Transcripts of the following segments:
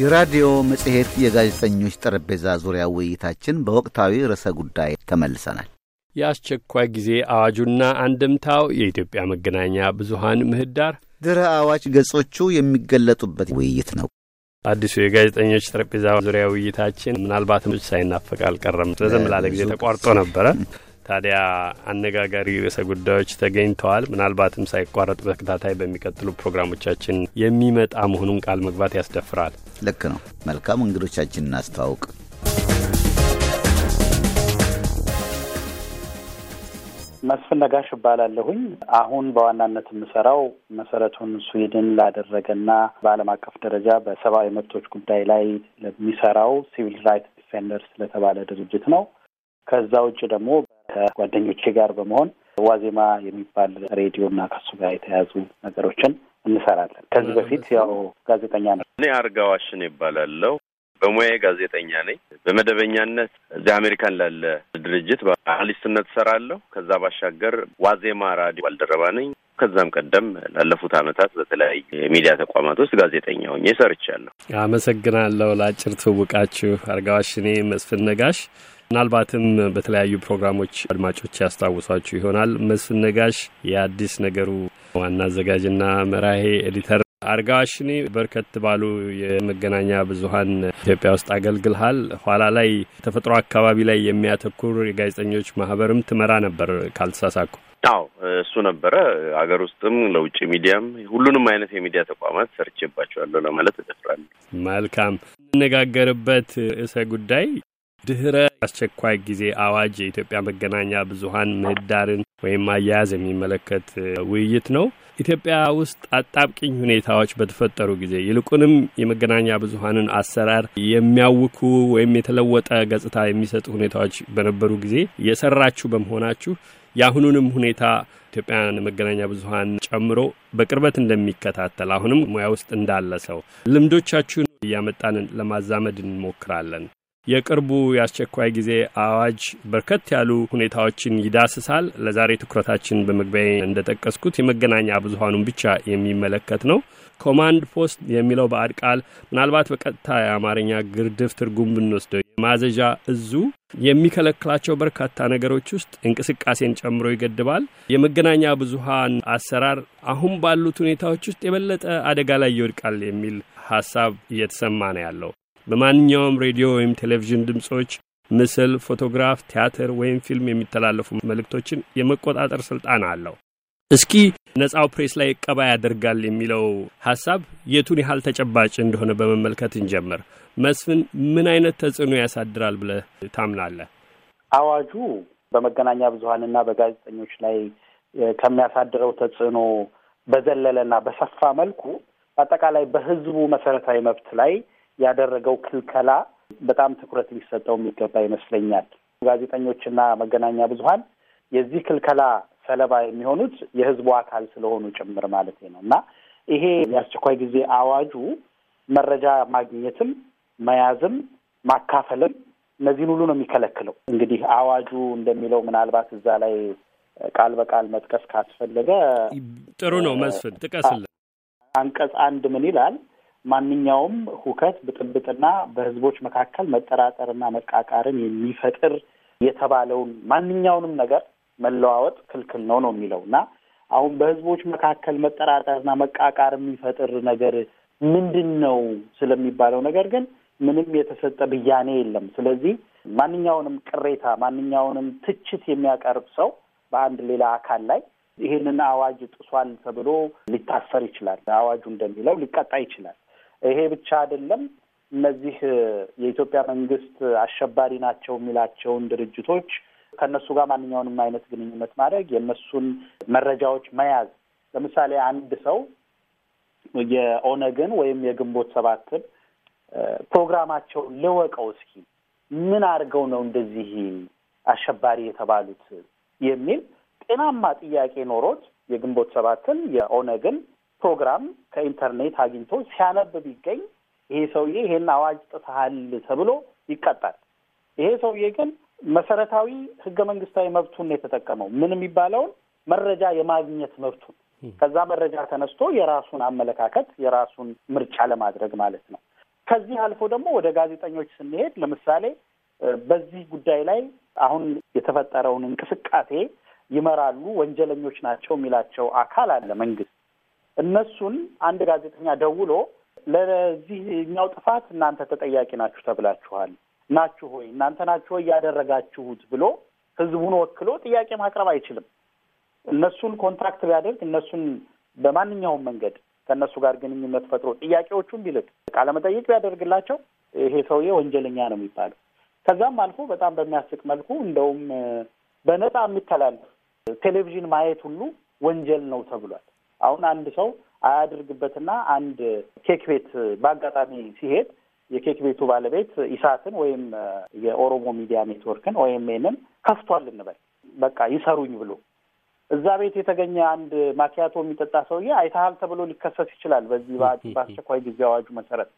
የራዲዮ መጽሔት የጋዜጠኞች ጠረጴዛ ዙሪያ ውይይታችን በወቅታዊ ርዕሰ ጉዳይ ተመልሰናል። የአስቸኳይ ጊዜ አዋጁና አንድምታው የኢትዮጵያ መገናኛ ብዙሃን ምህዳር ድረ አዋጅ ገጾቹ የሚገለጡበት ውይይት ነው። አዲሱ የጋዜጠኞች ጠረጴዛ ዙሪያ ውይይታችን ምናልባትም ሳይናፈቅ አልቀረም። ረዘም ላለ ጊዜ ተቋርጦ ነበረ። ታዲያ አነጋጋሪ ርዕሰ ጉዳዮች ተገኝተዋል። ምናልባትም ሳይቋረጥ በተከታታይ በሚቀጥሉ ፕሮግራሞቻችን የሚመጣ መሆኑን ቃል መግባት ያስደፍራል። ልክ ነው። መልካም እንግዶቻችን እናስተዋውቅ። መስፍን ነጋሽ እባላለሁኝ። አሁን በዋናነት የምሰራው መሰረቱን ስዊድን ላደረገና በዓለም አቀፍ ደረጃ በሰብአዊ መብቶች ጉዳይ ላይ ለሚሰራው ሲቪል ራይትስ ዲፌንደርስ ለተባለ ድርጅት ነው። ከዛ ውጭ ደግሞ ከጓደኞቼ ጋር በመሆን ዋዜማ የሚባል ሬዲዮ እና ከሱ ጋር የተያዙ ነገሮችን እንሰራለን። ከዚህ በፊት ያው ጋዜጠኛ ነው። እኔ አርጋዋሽን ይባላለው። በሙያ ጋዜጠኛ ነኝ። በመደበኛነት እዚህ አሜሪካን ላለ ድርጅት በአናሊስትነት ሰራለሁ። ከዛ ባሻገር ዋዜማ ራዲዮ ባልደረባ ነኝ። ከዛም ቀደም ላለፉት ዓመታት በተለያዩ የሚዲያ ተቋማት ውስጥ ጋዜጠኛ ሆኜ ሰርቻለሁ። አመሰግናለሁ። ለአጭር ትውውቃችሁ አርጋዋሽኔ መስፍን ነጋሽ ምናልባትም በተለያዩ ፕሮግራሞች አድማጮች ያስታውሷችሁ ይሆናል። መስፍን ነጋሽ የአዲስ ነገሩ ዋና አዘጋጅና መራሄ ኤዲተር፣ አርጋዋሽኔ በርከት ባሉ የመገናኛ ብዙኃን ኢትዮጵያ ውስጥ አገልግልሃል። ኋላ ላይ ተፈጥሮ አካባቢ ላይ የሚያተኩር የጋዜጠኞች ማህበርም ትመራ ነበር ካልተሳሳኩ። አዎ እሱ ነበረ። አገር ውስጥም ለውጭ ሚዲያም ሁሉንም አይነት የሚዲያ ተቋማት ሰርቼባቸዋለሁ ለማለት እደፍራለሁ። መልካም የምነጋገርበት ርዕሰ ጉዳይ ድህረ አስቸኳይ ጊዜ አዋጅ የኢትዮጵያ መገናኛ ብዙኃን ምህዳርን ወይም አያያዝ የሚመለከት ውይይት ነው። ኢትዮጵያ ውስጥ አጣብቂኝ ሁኔታዎች በተፈጠሩ ጊዜ ይልቁንም የመገናኛ ብዙኃንን አሰራር የሚያውኩ ወይም የተለወጠ ገጽታ የሚሰጡ ሁኔታዎች በነበሩ ጊዜ የሰራችሁ በመሆናችሁ የአሁኑንም ሁኔታ ኢትዮጵያን መገናኛ ብዙኃን ጨምሮ በቅርበት እንደሚከታተል አሁንም ሙያ ውስጥ እንዳለ ሰው ልምዶቻችሁን እያመጣን ለማዛመድ እንሞክራለን። የቅርቡ የአስቸኳይ ጊዜ አዋጅ በርከት ያሉ ሁኔታዎችን ይዳስሳል። ለዛሬ ትኩረታችን በመግቢያ እንደጠቀስኩት የመገናኛ ብዙሀኑን ብቻ የሚመለከት ነው። ኮማንድ ፖስት የሚለው ባዕድ ቃል ምናልባት በቀጥታ የአማርኛ ግርድፍ ትርጉም ብንወስደው የማዘዣ እዙ የሚከለክላቸው በርካታ ነገሮች ውስጥ እንቅስቃሴን ጨምሮ ይገድባል። የመገናኛ ብዙሀን አሰራር አሁን ባሉት ሁኔታዎች ውስጥ የበለጠ አደጋ ላይ ይወድቃል የሚል ሀሳብ እየተሰማ ነው ያለው። በማንኛውም ሬዲዮ ወይም ቴሌቪዥን ድምፆች፣ ምስል፣ ፎቶግራፍ፣ ቲያትር ወይም ፊልም የሚተላለፉ መልእክቶችን የመቆጣጠር ስልጣን አለው። እስኪ ነጻው ፕሬስ ላይ እቀባ ያደርጋል የሚለው ሀሳብ የቱን ያህል ተጨባጭ እንደሆነ በመመልከት እንጀምር። መስፍን፣ ምን አይነት ተጽዕኖ ያሳድራል ብለህ ታምናለህ? አዋጁ በመገናኛ ብዙሀንና በጋዜጠኞች ላይ ከሚያሳድረው ተጽዕኖ በዘለለና በሰፋ መልኩ በአጠቃላይ በህዝቡ መሰረታዊ መብት ላይ ያደረገው ክልከላ በጣም ትኩረት ሊሰጠው የሚገባ ይመስለኛል። ጋዜጠኞችና መገናኛ ብዙኃን የዚህ ክልከላ ሰለባ የሚሆኑት የህዝቡ አካል ስለሆኑ ጭምር ማለት ነው እና ይሄ የአስቸኳይ ጊዜ አዋጁ መረጃ ማግኘትም መያዝም ማካፈልም እነዚህን ሁሉ ነው የሚከለክለው። እንግዲህ አዋጁ እንደሚለው ምናልባት እዛ ላይ ቃል በቃል መጥቀስ ካስፈለገ ጥሩ ነው መስፍን ጥቀስልን። አንቀጽ አንድ ምን ይላል? ማንኛውም ሁከት ብጥብጥና በህዝቦች መካከል መጠራጠርና መቃቃርን የሚፈጥር የተባለውን ማንኛውንም ነገር መለዋወጥ ክልክል ነው ነው የሚለው እና አሁን በህዝቦች መካከል መጠራጠርና መቃቃር የሚፈጥር ነገር ምንድን ነው ስለሚባለው ነገር ግን ምንም የተሰጠ ብያኔ የለም። ስለዚህ ማንኛውንም ቅሬታ፣ ማንኛውንም ትችት የሚያቀርብ ሰው በአንድ ሌላ አካል ላይ ይህንን አዋጅ ጥሷል ተብሎ ሊታሰር ይችላል። አዋጁ እንደሚለው ሊቀጣ ይችላል። ይሄ ብቻ አይደለም። እነዚህ የኢትዮጵያ መንግስት አሸባሪ ናቸው የሚላቸውን ድርጅቶች ከእነሱ ጋር ማንኛውንም አይነት ግንኙነት ማድረግ፣ የእነሱን መረጃዎች መያዝ። ለምሳሌ አንድ ሰው የኦነግን ወይም የግንቦት ሰባትን ፕሮግራማቸው ልወቀው እስኪ ምን አድርገው ነው እንደዚህ አሸባሪ የተባሉት የሚል ጤናማ ጥያቄ ኖሮት የግንቦት ሰባትን የኦነግን ፕሮግራም ከኢንተርኔት አግኝቶ ሲያነብ ቢገኝ ይሄ ሰውዬ ይሄን አዋጅ ጥሰሃል ተብሎ ይቀጣል። ይሄ ሰውዬ ግን መሰረታዊ ህገ መንግስታዊ መብቱን ነው የተጠቀመው። ምን የሚባለውን መረጃ የማግኘት መብቱን፣ ከዛ መረጃ ተነስቶ የራሱን አመለካከት የራሱን ምርጫ ለማድረግ ማለት ነው። ከዚህ አልፎ ደግሞ ወደ ጋዜጠኞች ስንሄድ ለምሳሌ በዚህ ጉዳይ ላይ አሁን የተፈጠረውን እንቅስቃሴ ይመራሉ ወንጀለኞች ናቸው የሚላቸው አካል አለ መንግስት እነሱን አንድ ጋዜጠኛ ደውሎ ለዚህኛው ጥፋት እናንተ ተጠያቂ ናችሁ ተብላችኋል፣ ናችሁ ሆይ እናንተ ናችሁ ሆይ ያደረጋችሁት ብሎ ህዝቡን ወክሎ ጥያቄ ማቅረብ አይችልም። እነሱን ኮንትራክት ቢያደርግ እነሱን በማንኛውም መንገድ ከእነሱ ጋር ግንኙነት ፈጥሮ ጥያቄዎቹን ቢልክ ቃለመጠይቅ ቢያደርግላቸው ይሄ ሰውዬ ወንጀለኛ ነው የሚባለው። ከዛም አልፎ በጣም በሚያስቅ መልኩ እንደውም በነፃ የሚተላለፍ ቴሌቪዥን ማየት ሁሉ ወንጀል ነው ተብሏል። አሁን አንድ ሰው አያድርግበትና አንድ ኬክ ቤት በአጋጣሚ ሲሄድ የኬክ ቤቱ ባለቤት ኢሳትን ወይም የኦሮሞ ሚዲያ ኔትወርክን ወይም ይንን ከፍቷል እንበል በቃ ይሰሩኝ ብሎ እዛ ቤት የተገኘ አንድ ማኪያቶ የሚጠጣ ሰውዬ አይተሃል ተብሎ ሊከሰስ ይችላል በዚህ በአስቸኳይ ጊዜ አዋጁ መሰረት።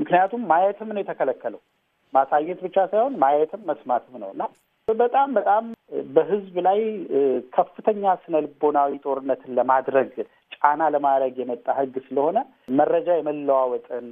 ምክንያቱም ማየትም ነው የተከለከለው። ማሳየት ብቻ ሳይሆን ማየትም መስማትም ነው እና በጣም በጣም በህዝብ ላይ ከፍተኛ ስነ ልቦናዊ ጦርነትን ለማድረግ ጫና ለማድረግ የመጣ ህግ ስለሆነ መረጃ የመለዋወጥን፣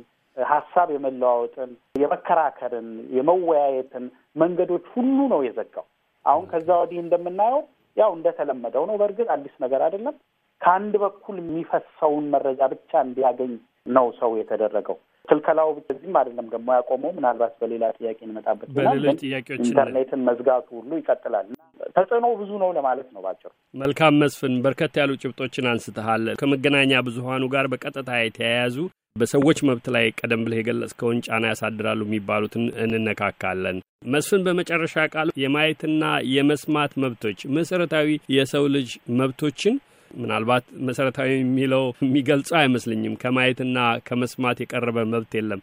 ሀሳብ የመለዋወጥን፣ የመከራከርን፣ የመወያየትን መንገዶች ሁሉ ነው የዘጋው። አሁን ከዛ ወዲህ እንደምናየው ያው እንደተለመደው ነው። በእርግጥ አዲስ ነገር አይደለም። ከአንድ በኩል የሚፈሰውን መረጃ ብቻ እንዲያገኝ ነው ሰው የተደረገው። ክልከላው በዚህም አይደለም ደግሞ ያቆመው። ምናልባት በሌላ ጥያቄ እንመጣበት በሌሎች ጥያቄዎች ኢንተርኔትን መዝጋቱ ሁሉ ይቀጥላል። ተጽዕኖ ብዙ ነው ለማለት ነው ባጭሩ። መልካም መስፍን፣ በርከት ያሉ ጭብጦችን አንስተሃል። ከመገናኛ ብዙሀኑ ጋር በቀጥታ የተያያዙ በሰዎች መብት ላይ ቀደም ብለህ የገለጽከውን ጫና ያሳድራሉ የሚባሉትን እንነካካለን። መስፍን፣ በመጨረሻ ቃል የማየትና የመስማት መብቶች መሰረታዊ የሰው ልጅ መብቶችን ምናልባት መሰረታዊ የሚለው የሚገልጸው አይመስልኝም ከማየትና ከመስማት የቀረበ መብት የለም።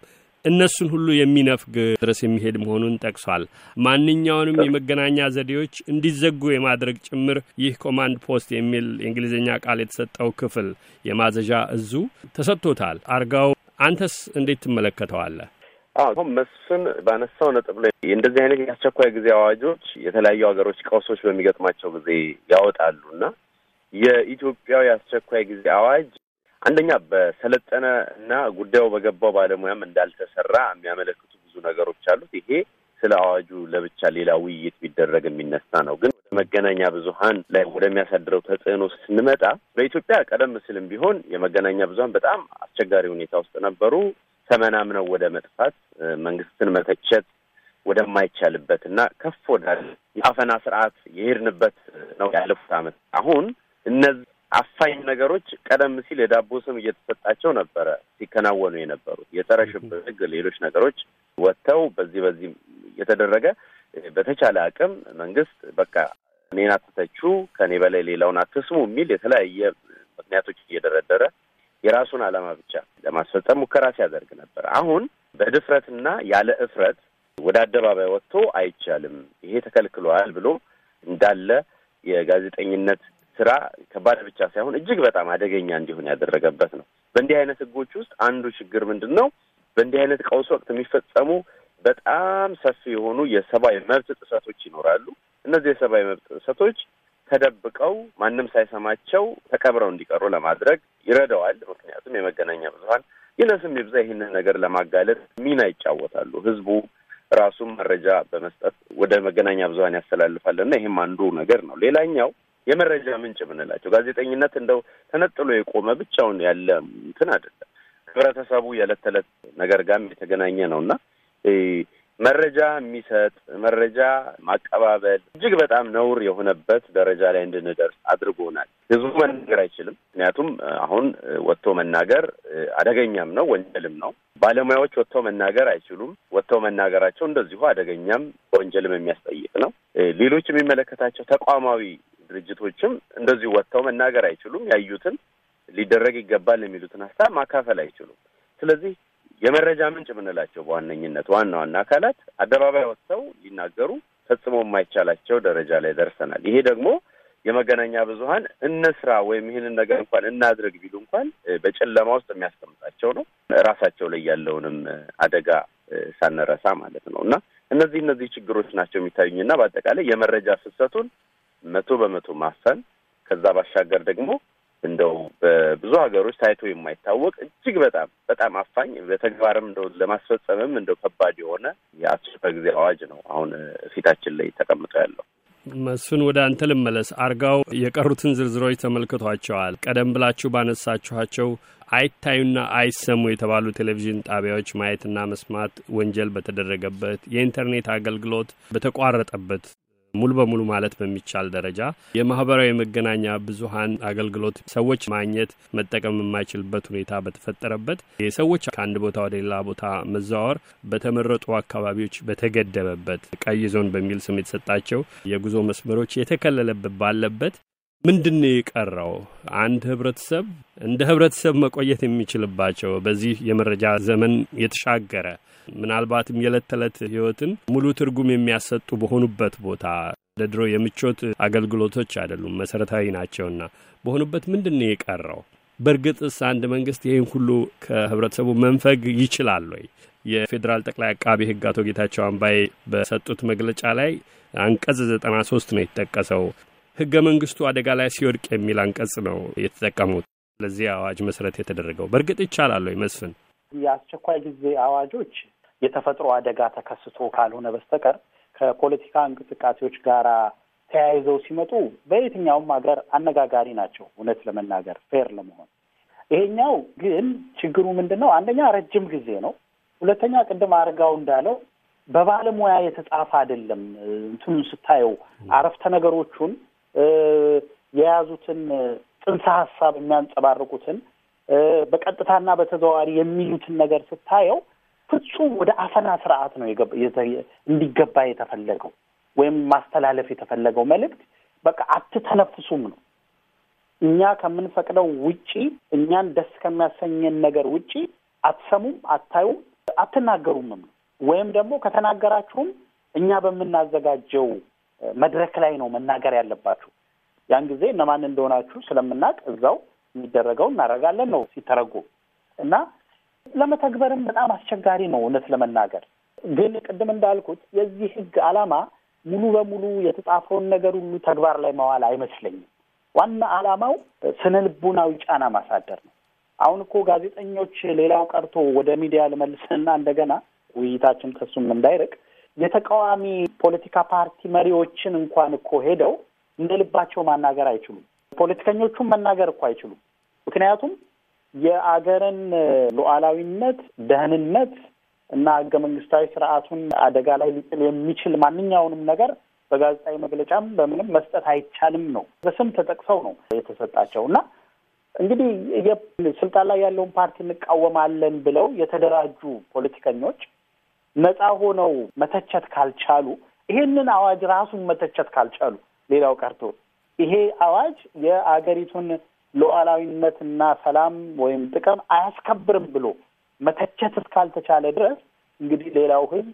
እነሱን ሁሉ የሚነፍግ ድረስ የሚሄድ መሆኑን ጠቅሷል። ማንኛውንም የመገናኛ ዘዴዎች እንዲዘጉ የማድረግ ጭምር ይህ ኮማንድ ፖስት የሚል የእንግሊዝኛ ቃል የተሰጠው ክፍል የማዘዣ እዙ ተሰጥቶታል። አርጋው፣ አንተስ እንዴት ትመለከተዋለህ? አሁን መስፍን ባነሳው ነጥብ ላይ እንደዚህ አይነት የአስቸኳይ ጊዜ አዋጆች የተለያዩ ሀገሮች ቀውሶች በሚገጥማቸው ጊዜ ያወጣሉ እና የኢትዮጵያ የአስቸኳይ ጊዜ አዋጅ አንደኛ በሰለጠነ እና ጉዳዩ በገባው ባለሙያም እንዳልተሰራ የሚያመለክቱ ብዙ ነገሮች አሉት። ይሄ ስለ አዋጁ ለብቻ ሌላ ውይይት ቢደረግ የሚነሳ ነው። ግን ወደ መገናኛ ብዙኃን ላይ ወደሚያሳድረው ተጽዕኖ ስንመጣ በኢትዮጵያ ቀደም ሲልም ቢሆን የመገናኛ ብዙኃን በጣም አስቸጋሪ ሁኔታ ውስጥ ነበሩ። ሰመናም ነው ወደ መጥፋት መንግስትን መተቸት ወደማይቻልበት እና ከፍ ወዳለ የአፈና ስርዓት የሄድንበት ነው ያለፉት ዓመት አሁን እነዚህ አፋኝ ነገሮች ቀደም ሲል የዳቦ ስም እየተሰጣቸው ነበረ ሲከናወኑ የነበሩት የጸረ ሽብር ሌሎች ነገሮች ወጥተው በዚህ በዚህ የተደረገ በተቻለ አቅም መንግስት በቃ እኔን አትተቹ፣ ከእኔ በላይ ሌላውን አትስሙ የሚል የተለያየ ምክንያቶች እየደረደረ የራሱን ዓላማ ብቻ ለማስፈጸም ሙከራ ሲያደርግ ነበር። አሁን በድፍረትና ያለ እፍረት ወደ አደባባይ ወጥቶ አይቻልም፣ ይሄ ተከልክሏል ብሎ እንዳለ የጋዜጠኝነት ስራ ከባድ ብቻ ሳይሆን እጅግ በጣም አደገኛ እንዲሆን ያደረገበት ነው። በእንዲህ አይነት ህጎች ውስጥ አንዱ ችግር ምንድን ነው? በእንዲህ አይነት ቀውስ ወቅት የሚፈጸሙ በጣም ሰፊ የሆኑ የሰብአዊ መብት ጥሰቶች ይኖራሉ። እነዚህ የሰብአዊ መብት ጥሰቶች ተደብቀው ማንም ሳይሰማቸው ተቀብረው እንዲቀሩ ለማድረግ ይረዳዋል። ምክንያቱም የመገናኛ ብዙኃን ይነስም ይብዛ ይህንን ነገር ለማጋለጥ ሚና ይጫወታሉ። ህዝቡ ራሱም መረጃ በመስጠት ወደ መገናኛ ብዙኃን ያስተላልፋል እና ይህም አንዱ ነገር ነው። ሌላኛው የመረጃ ምንጭ የምንላቸው ጋዜጠኝነት እንደው ተነጥሎ የቆመ ብቻውን ያለ እንትን አይደለም። ህብረተሰቡ የዕለት ተዕለት ነገር ጋርም የተገናኘ ነው እና መረጃ የሚሰጥ መረጃ ማቀባበል እጅግ በጣም ነውር የሆነበት ደረጃ ላይ እንድንደርስ አድርጎናል። ህዝቡ መናገር አይችልም። ምክንያቱም አሁን ወጥቶ መናገር አደገኛም ነው፣ ወንጀልም ነው። ባለሙያዎች ወጥቶ መናገር አይችሉም። ወጥቶ መናገራቸው እንደዚሁ አደገኛም፣ ወንጀልም የሚያስጠይቅ ነው። ሌሎች የሚመለከታቸው ተቋማዊ ድርጅቶችም እንደዚሁ ወጥተው መናገር አይችሉም። ያዩትን ሊደረግ ይገባል የሚሉትን ሀሳብ ማካፈል አይችሉም። ስለዚህ የመረጃ ምንጭ የምንላቸው በዋነኝነት ዋና ዋና አካላት አደባባይ ወጥተው ሊናገሩ ፈጽሞ የማይቻላቸው ደረጃ ላይ ደርሰናል። ይሄ ደግሞ የመገናኛ ብዙኃን እነስራ ወይም ይህንን ነገር እንኳን እናድርግ ቢሉ እንኳን በጨለማ ውስጥ የሚያስቀምጣቸው ነው። ራሳቸው ላይ ያለውንም አደጋ ሳንረሳ ማለት ነው እና እነዚህ እነዚህ ችግሮች ናቸው የሚታዩኝና በአጠቃላይ የመረጃ ፍሰቱን መቶ በመቶ ማፈን ከዛ ባሻገር ደግሞ እንደው በብዙ ሀገሮች ታይቶ የማይታወቅ እጅግ በጣም በጣም አፋኝ በተግባርም እንደው ለማስፈጸምም እንደው ከባድ የሆነ የአስቸኳይ ጊዜ አዋጅ ነው አሁን ፊታችን ላይ ተቀምጦ ያለው። መስፍን ወደ አንተ ልመለስ። አርጋው የቀሩትን ዝርዝሮች ተመልክቷቸዋል። ቀደም ብላችሁ ባነሳችኋቸው አይታዩና አይሰሙ የተባሉ ቴሌቪዥን ጣቢያዎች ማየትና መስማት ወንጀል በተደረገበት የኢንተርኔት አገልግሎት በተቋረጠበት ሙሉ በሙሉ ማለት በሚቻል ደረጃ የማህበራዊ መገናኛ ብዙሀን አገልግሎት ሰዎች ማግኘት መጠቀም የማይችልበት ሁኔታ በተፈጠረበት የሰዎች ከአንድ ቦታ ወደ ሌላ ቦታ መዘዋወር በተመረጡ አካባቢዎች በተገደበበት ቀይ ዞን በሚል ስም የተሰጣቸው የጉዞ መስመሮች የተከለለበት ባለበት ምንድን የቀረው? አንድ ህብረተሰብ እንደ ህብረተሰብ መቆየት የሚችልባቸው በዚህ የመረጃ ዘመን የተሻገረ ምናልባትም የዕለት ተዕለት ህይወትን ሙሉ ትርጉም የሚያሰጡ በሆኑበት ቦታ ለድሮ የምቾት አገልግሎቶች አይደሉም፣ መሰረታዊ ናቸውና በሆኑበት ምንድን ነው የቀረው? በእርግጥስ አንድ መንግስት ይህን ሁሉ ከህብረተሰቡ መንፈግ ይችላል ወይ? የፌዴራል ጠቅላይ አቃቢ ህግ አቶ ጌታቸው አምባዬ በሰጡት መግለጫ ላይ አንቀጽ 93 ነው የተጠቀሰው። ህገ መንግስቱ አደጋ ላይ ሲወድቅ የሚል አንቀጽ ነው የተጠቀሙት ለዚህ አዋጅ መሰረት የተደረገው። በእርግጥ ይቻላል ወይ? መስፍን የአስቸኳይ ጊዜ አዋጆች የተፈጥሮ አደጋ ተከስቶ ካልሆነ በስተቀር ከፖለቲካ እንቅስቃሴዎች ጋር ተያይዘው ሲመጡ በየትኛውም ሀገር አነጋጋሪ ናቸው። እውነት ለመናገር ፌር ለመሆን ይሄኛው ግን ችግሩ ምንድን ነው? አንደኛ ረጅም ጊዜ ነው። ሁለተኛ ቅድም አርጋው እንዳለው በባለሙያ የተጻፈ አይደለም። እንትኑ ስታየው አረፍተ ነገሮቹን የያዙትን ጥንሰ ሀሳብ የሚያንጸባርቁትን በቀጥታና በተዘዋዋሪ የሚሉትን ነገር ስታየው ፍጹም ወደ አፈና ስርዓት ነው እንዲገባ የተፈለገው ወይም ማስተላለፍ የተፈለገው መልእክት በቃ አትተነፍሱም ነው። እኛ ከምንፈቅደው ውጪ እኛን ደስ ከሚያሰኘን ነገር ውጪ አትሰሙም፣ አታዩም፣ አትናገሩምም ነው። ወይም ደግሞ ከተናገራችሁም እኛ በምናዘጋጀው መድረክ ላይ ነው መናገር ያለባችሁ። ያን ጊዜ እነማን እንደሆናችሁ ስለምናውቅ እዛው የሚደረገው እናደርጋለን ነው ሲተረጎም እና ለመተግበርም በጣም አስቸጋሪ ነው። እውነት ለመናገር ግን ቅድም እንዳልኩት የዚህ ህግ ዓላማ ሙሉ በሙሉ የተጻፈውን ነገር ሁሉ ተግባር ላይ መዋል አይመስለኝም። ዋና ዓላማው ስነ ልቡናዊ ጫና ማሳደር ነው። አሁን እኮ ጋዜጠኞች ሌላው ቀርቶ ወደ ሚዲያ ልመልስና እንደገና ውይይታችን ከሱም እንዳይርቅ የተቃዋሚ ፖለቲካ ፓርቲ መሪዎችን እንኳን እኮ ሄደው እንደ ልባቸው ማናገር አይችሉም። ፖለቲከኞቹም መናገር እኮ አይችሉም። ምክንያቱም የአገርን ሉዓላዊነት፣ ደህንነት እና ህገ መንግስታዊ ስርዓቱን አደጋ ላይ ሊጥል የሚችል ማንኛውንም ነገር በጋዜጣዊ መግለጫም በምንም መስጠት አይቻልም ነው። በስም ተጠቅሰው ነው የተሰጣቸው እና እንግዲህ ስልጣን ላይ ያለውን ፓርቲ እንቃወማለን ብለው የተደራጁ ፖለቲከኞች ነፃ ሆነው መተቸት ካልቻሉ፣ ይሄንን አዋጅ ራሱን መተቸት ካልቻሉ፣ ሌላው ቀርቶ ይሄ አዋጅ የአገሪቱን ሉዓላዊነትና ሰላም ወይም ጥቅም አያስከብርም ብሎ መተቸት እስካልተቻለ ድረስ እንግዲህ ሌላው ህዝብ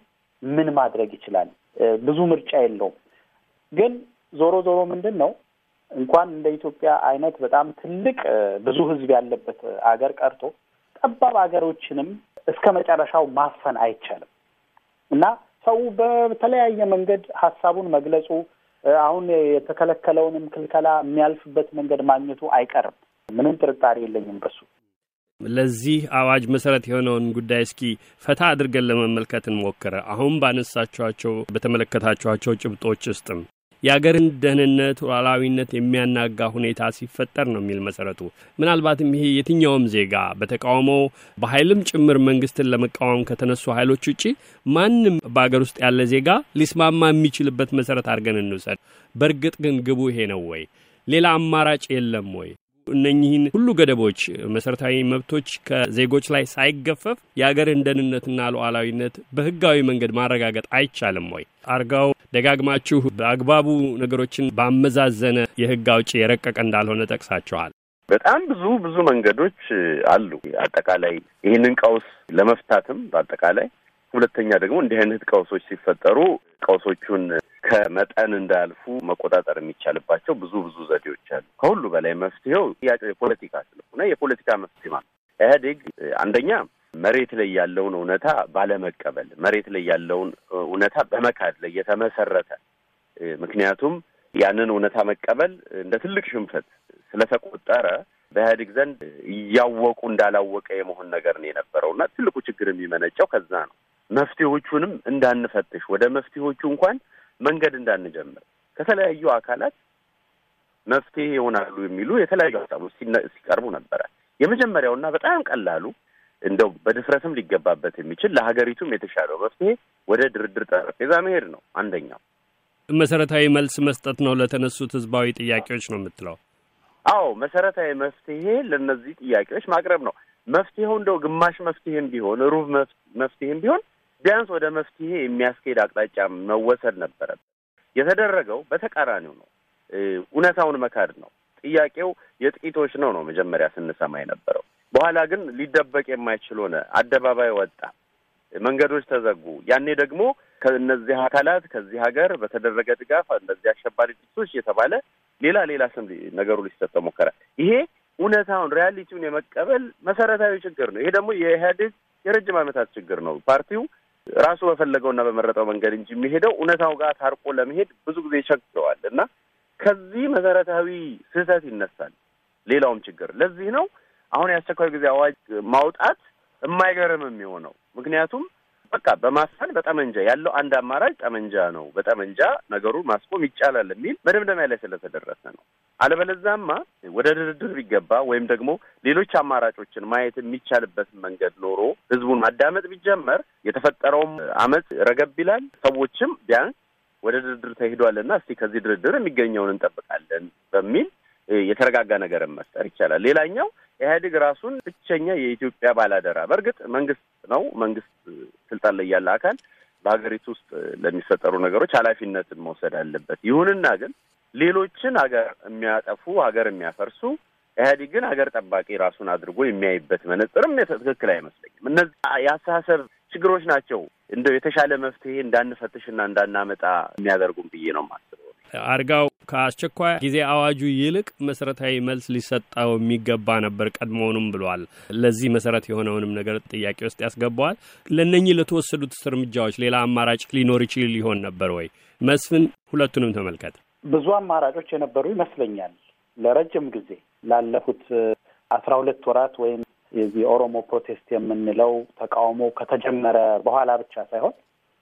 ምን ማድረግ ይችላል? ብዙ ምርጫ የለውም። ግን ዞሮ ዞሮ ምንድን ነው እንኳን እንደ ኢትዮጵያ አይነት በጣም ትልቅ ብዙ ህዝብ ያለበት አገር ቀርቶ ጠባብ አገሮችንም እስከ መጨረሻው ማፈን አይቻልም እና ሰው በተለያየ መንገድ ሀሳቡን መግለጹ አሁን የተከለከለውንም ክልከላ የሚያልፍበት መንገድ ማግኘቱ አይቀርም። ምንም ጥርጣሬ የለኝም በሱ። ለዚህ አዋጅ መሰረት የሆነውን ጉዳይ እስኪ ፈታ አድርገን ለመመልከት እንሞክረ። አሁን ባነሳችኋቸው በተመለከታችኋቸው ጭብጦች ውስጥም የአገርን ደህንነት ሉዓላዊነት የሚያናጋ ሁኔታ ሲፈጠር ነው የሚል መሰረቱ። ምናልባትም ይሄ የትኛውም ዜጋ በተቃውሞ በኃይልም ጭምር መንግስትን ለመቃወም ከተነሱ ኃይሎች ውጪ ማንም በአገር ውስጥ ያለ ዜጋ ሊስማማ የሚችልበት መሰረት አድርገን እንውሰድ። በእርግጥ ግን ግቡ ይሄ ነው ወይ? ሌላ አማራጭ የለም ወይ? እነኚህን ሁሉ ገደቦች መሰረታዊ መብቶች ከዜጎች ላይ ሳይገፈፍ የአገርህን ደህንነትና ሉዓላዊነት በህጋዊ መንገድ ማረጋገጥ አይቻልም ወይ? አርጋው ደጋግማችሁ በአግባቡ ነገሮችን ባመዛዘነ የህግ አውጪ የረቀቀ እንዳልሆነ ጠቅሳችኋል። በጣም ብዙ ብዙ መንገዶች አሉ። አጠቃላይ ይህንን ቀውስ ለመፍታትም በአጠቃላይ ሁለተኛ ደግሞ እንዲህ አይነት ቀውሶች ሲፈጠሩ ቀውሶቹን ከመጠን እንዳልፉ መቆጣጠር የሚቻልባቸው ብዙ ብዙ ዘዴዎች አሉ። ከሁሉ በላይ መፍትሄው ጥያቄው የፖለቲካ ስለሆነ የፖለቲካ መፍትሄ ማለት ኢህአዴግ አንደኛ መሬት ላይ ያለውን እውነታ ባለመቀበል፣ መሬት ላይ ያለውን እውነታ በመካድ ላይ የተመሰረተ ምክንያቱም ያንን እውነታ መቀበል እንደ ትልቅ ሽንፈት ስለተቆጠረ በኢህአዴግ ዘንድ እያወቁ እንዳላወቀ የመሆን ነገር ነው እና ትልቁ ችግር የሚመነጨው ከዛ ነው። መፍትሄዎቹንም እንዳንፈትሽ ወደ መፍትሄዎቹ እንኳን መንገድ እንዳንጀምር ከተለያዩ አካላት መፍትሄ ይሆናሉ የሚሉ የተለያዩ ሀሳቦች ሲቀርቡ ነበረ። የመጀመሪያውና በጣም ቀላሉ እንደው በድፍረትም ሊገባበት የሚችል ለሀገሪቱም የተሻለው መፍትሄ ወደ ድርድር ጠረጴዛ መሄድ ነው። አንደኛው መሰረታዊ መልስ መስጠት ነው ለተነሱት ህዝባዊ ጥያቄዎች ነው የምትለው? አዎ መሰረታዊ መፍትሄ ለእነዚህ ጥያቄዎች ማቅረብ ነው። መፍትሄው እንደው ግማሽ መፍትሄም ቢሆን ሩብ መፍትሄም ቢሆን ቢያንስ ወደ መፍትሄ የሚያስኬድ አቅጣጫ መወሰድ ነበረበት። የተደረገው በተቃራኒው ነው። እውነታውን መካድ ነው። ጥያቄው የጥቂቶች ነው ነው መጀመሪያ ስንሰማ የነበረው። በኋላ ግን ሊደበቅ የማይችል ሆነ፣ አደባባይ ወጣ፣ መንገዶች ተዘጉ። ያኔ ደግሞ ከእነዚህ አካላት ከዚህ ሀገር በተደረገ ድጋፍ እነዚህ አሸባሪ ድርጅቶች እየተባለ ሌላ ሌላ ስም ነገሩ ሊሰጠው ሞከረ። ይሄ እውነታውን ሪያሊቲውን የመቀበል መሰረታዊ ችግር ነው። ይሄ ደግሞ የኢህአዴግ የረጅም ዓመታት ችግር ነው። ፓርቲው ራሱ በፈለገውና በመረጠው መንገድ እንጂ የሚሄደው እውነታው ጋር ታርቆ ለመሄድ ብዙ ጊዜ ይቸግረዋል እና ከዚህ መሰረታዊ ስህተት ይነሳል ሌላውም ችግር። ለዚህ ነው አሁን የአስቸኳይ ጊዜ አዋጅ ማውጣት የማይገርም የሚሆነው ምክንያቱም በቃ በማሳን በጠመንጃ ያለው አንድ አማራጭ ጠመንጃ ነው። በጠመንጃ ነገሩን ማስቆም ይቻላል የሚል መደምደሚያ ላይ ስለተደረሰ ነው። አለበለዛማ ወደ ድርድር ቢገባ ወይም ደግሞ ሌሎች አማራጮችን ማየት የሚቻልበት መንገድ ኖሮ ህዝቡን ማዳመጥ ቢጀመር የተፈጠረውም አመፅ ረገብ ይላል። ሰዎችም ቢያንስ ወደ ድርድር ተሄዷልና እስቲ ከዚህ ድርድር የሚገኘውን እንጠብቃለን በሚል የተረጋጋ ነገርን መፍጠር ይቻላል። ሌላኛው ኢህአዴግ ራሱን ብቸኛ የኢትዮጵያ ባላደራ በእርግጥ መንግስት ነው። መንግስት ስልጣን ላይ ያለ አካል በሀገሪቱ ውስጥ ለሚፈጠሩ ነገሮች ኃላፊነትን መውሰድ አለበት። ይሁንና ግን ሌሎችን ሀገር የሚያጠፉ ሀገር የሚያፈርሱ ግን ሀገር ጠባቂ ራሱን አድርጎ የሚያይበት መነጽርም ትክክል አይመስለኝም። እነዚህ የአስተሳሰብ ችግሮች ናቸው እንደው የተሻለ መፍትሄ እንዳንፈትሽና እንዳናመጣ የሚያደርጉም ብዬ ነው የማስበው። አርጋው ከአስቸኳይ ጊዜ አዋጁ ይልቅ መሰረታዊ መልስ ሊሰጠው የሚገባ ነበር ቀድሞውንም ብሏል። ለዚህ መሰረት የሆነውንም ነገር ጥያቄ ውስጥ ያስገባዋል። ለእነኚህ ለተወሰዱት እርምጃዎች ሌላ አማራጭ ሊኖር ይችል ሊሆን ነበር ወይ? መስፍን፣ ሁለቱንም ተመልከት። ብዙ አማራጮች የነበሩ ይመስለኛል። ለረጅም ጊዜ ላለፉት አስራ ሁለት ወራት ወይም የዚህ ኦሮሞ ፕሮቴስት የምንለው ተቃውሞ ከተጀመረ በኋላ ብቻ ሳይሆን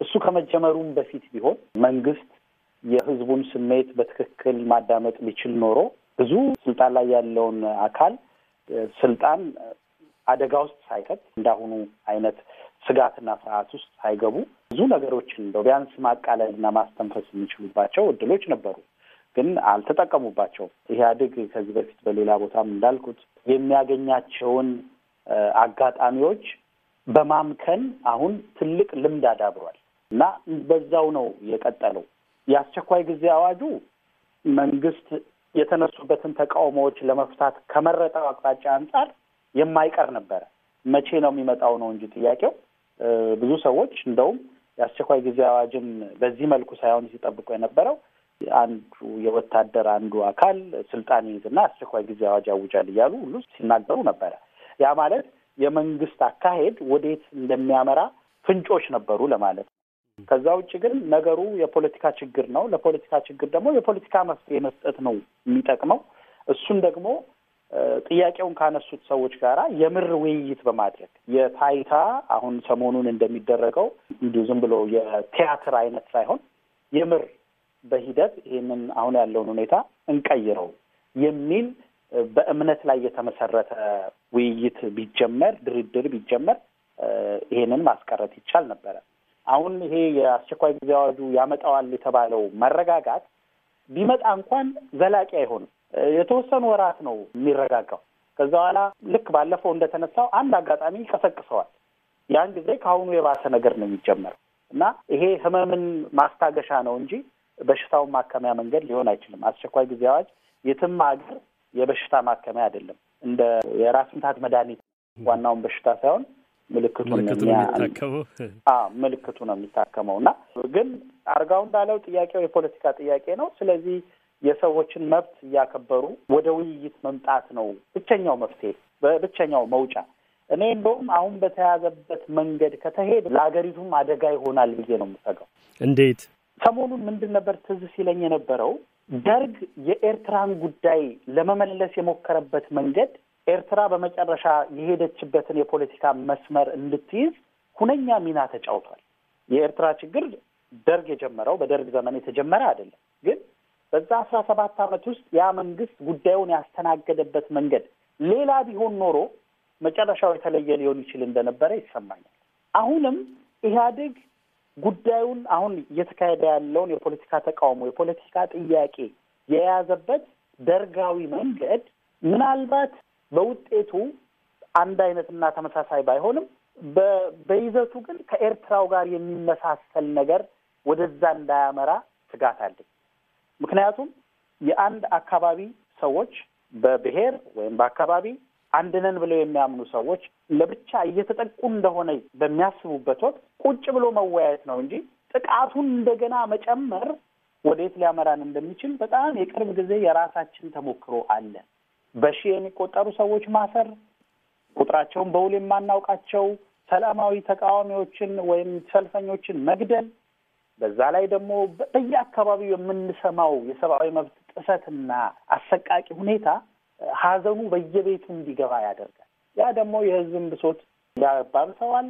እሱ ከመጀመሩም በፊት ቢሆን መንግስት የህዝቡን ስሜት በትክክል ማዳመጥ ቢችል ኖሮ ብዙ ስልጣን ላይ ያለውን አካል ስልጣን አደጋ ውስጥ ሳይከት እንዳሁኑ አይነት ስጋትና ፍርሃት ውስጥ ሳይገቡ ብዙ ነገሮችን እንደው ቢያንስ ማቃለልና ማስተንፈስ የሚችሉባቸው እድሎች ነበሩ፣ ግን አልተጠቀሙባቸውም። ኢህአዴግ ከዚህ በፊት በሌላ ቦታም እንዳልኩት የሚያገኛቸውን አጋጣሚዎች በማምከን አሁን ትልቅ ልምድ አዳብሯል እና በዛው ነው የቀጠለው። የአስቸኳይ ጊዜ አዋጁ መንግስት የተነሱበትን ተቃውሞዎች ለመፍታት ከመረጠው አቅጣጫ አንጻር የማይቀር ነበረ። መቼ ነው የሚመጣው ነው እንጂ ጥያቄው። ብዙ ሰዎች እንደውም የአስቸኳይ ጊዜ አዋጅን በዚህ መልኩ ሳይሆን ሲጠብቁ የነበረው አንዱ የወታደር አንዱ አካል ስልጣን ይይዝና አስቸኳይ ጊዜ አዋጅ ያውጃል እያሉ ሁሉ ሲናገሩ ነበረ። ያ ማለት የመንግስት አካሄድ ወዴት እንደሚያመራ ፍንጮች ነበሩ ለማለት ነው። ከዛ ውጭ ግን ነገሩ የፖለቲካ ችግር ነው። ለፖለቲካ ችግር ደግሞ የፖለቲካ መፍትሄ መስጠት ነው የሚጠቅመው። እሱን ደግሞ ጥያቄውን ካነሱት ሰዎች ጋራ የምር ውይይት በማድረግ የታይታ አሁን ሰሞኑን እንደሚደረገው እንዲሁ ዝም ብሎ የቲያትር አይነት ሳይሆን የምር በሂደት ይህንን አሁን ያለውን ሁኔታ እንቀይረው የሚል በእምነት ላይ የተመሰረተ ውይይት ቢጀመር፣ ድርድር ቢጀመር ይሄንን ማስቀረት ይቻል ነበረ። አሁን ይሄ የአስቸኳይ ጊዜ አዋጁ ያመጣዋል የተባለው መረጋጋት ቢመጣ እንኳን ዘላቂ አይሆንም። የተወሰኑ ወራት ነው የሚረጋጋው። ከዛ በኋላ ልክ ባለፈው እንደተነሳው አንድ አጋጣሚ ይቀሰቅሰዋል። ያን ጊዜ ከአሁኑ የባሰ ነገር ነው የሚጀመረው እና ይሄ ህመምን ማስታገሻ ነው እንጂ በሽታውን ማከሚያ መንገድ ሊሆን አይችልም። አስቸኳይ ጊዜ አዋጅ የትም ሀገር የበሽታ ማከሚያ አይደለም። እንደ የራስ ምታት መድኃኒት ዋናውን በሽታ ሳይሆን ምልክቱ የሚታከመው ምልክቱ ነው የሚታከመው እና ግን አርጋው እንዳለው ጥያቄው የፖለቲካ ጥያቄ ነው። ስለዚህ የሰዎችን መብት እያከበሩ ወደ ውይይት መምጣት ነው ብቸኛው መፍትሄ፣ ብቸኛው መውጫ። እኔ እንደውም አሁን በተያዘበት መንገድ ከተሄደ ለሀገሪቱም አደጋ ይሆናል ብዬ ነው የምሰጋው። እንዴት ሰሞኑን ምንድን ነበር ትዝ ሲለኝ የነበረው ደርግ የኤርትራን ጉዳይ ለመመለስ የሞከረበት መንገድ ኤርትራ በመጨረሻ የሄደችበትን የፖለቲካ መስመር እንድትይዝ ሁነኛ ሚና ተጫውቷል። የኤርትራ ችግር ደርግ የጀመረው በደርግ ዘመን የተጀመረ አይደለም። ግን በዛ አስራ ሰባት ዓመት ውስጥ ያ መንግስት ጉዳዩን ያስተናገደበት መንገድ ሌላ ቢሆን ኖሮ መጨረሻው የተለየ ሊሆን ይችል እንደነበረ ይሰማኛል። አሁንም ኢህአዴግ ጉዳዩን አሁን እየተካሄደ ያለውን የፖለቲካ ተቃውሞ፣ የፖለቲካ ጥያቄ የያዘበት ደርጋዊ መንገድ ምናልባት በውጤቱ አንድ አይነትና ተመሳሳይ ባይሆንም በይዘቱ ግን ከኤርትራው ጋር የሚመሳሰል ነገር ወደዛ እንዳያመራ ስጋት አለኝ። ምክንያቱም የአንድ አካባቢ ሰዎች በብሔር ወይም በአካባቢ አንድነን ብለው የሚያምኑ ሰዎች ለብቻ እየተጠቁ እንደሆነ በሚያስቡበት ወቅት ቁጭ ብሎ መወያየት ነው እንጂ ጥቃቱን እንደገና መጨመር ወዴት ሊያመራን እንደሚችል በጣም የቅርብ ጊዜ የራሳችን ተሞክሮ አለ። በሺህ የሚቆጠሩ ሰዎች ማሰር፣ ቁጥራቸውን በውል የማናውቃቸው ሰላማዊ ተቃዋሚዎችን ወይም ሰልፈኞችን መግደል፣ በዛ ላይ ደግሞ በየአካባቢው የምንሰማው የሰብአዊ መብት ጥሰትና አሰቃቂ ሁኔታ ሀዘኑ በየቤቱ እንዲገባ ያደርጋል። ያ ደግሞ የህዝብን ብሶት ያባብሰዋል፣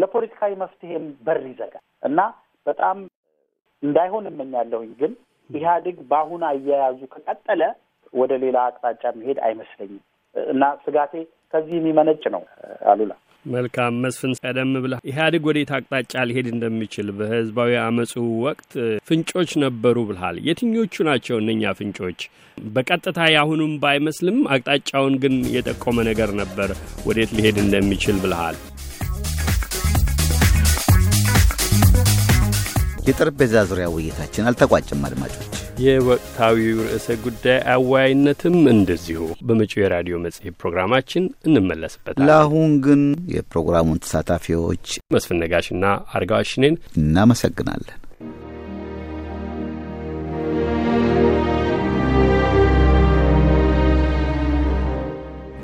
ለፖለቲካዊ መፍትሄም በር ይዘጋል እና በጣም እንዳይሆን እመኛለሁኝ። ግን ኢህአዴግ በአሁን አያያዙ ከቀጠለ ወደ ሌላ አቅጣጫ መሄድ አይመስለኝም እና ስጋቴ ከዚህ የሚመነጭ ነው። አሉላ መልካም መስፍን፣ ቀደም ብለህ ኢህአዴግ ወዴት አቅጣጫ ሊሄድ እንደሚችል በህዝባዊ አመፁ ወቅት ፍንጮች ነበሩ ብልሃል። የትኞቹ ናቸው እነኛ ፍንጮች? በቀጥታ ያሁኑም ባይመስልም አቅጣጫውን ግን የጠቆመ ነገር ነበር ወዴት ሊሄድ እንደሚችል ብልሃል። የጠረጴዛ ዙሪያ ውይይታችን አልተቋጭም አድማጮች የወቅታዊው ርዕሰ ጉዳይ አወያይነትም እንደዚሁ በመጪው የራዲዮ መጽሔት ፕሮግራማችን እንመለስበታል። ለአሁን ግን የፕሮግራሙን ተሳታፊዎች መስፍን ነጋሽና አርጋዋሽኔን እናመሰግናለን።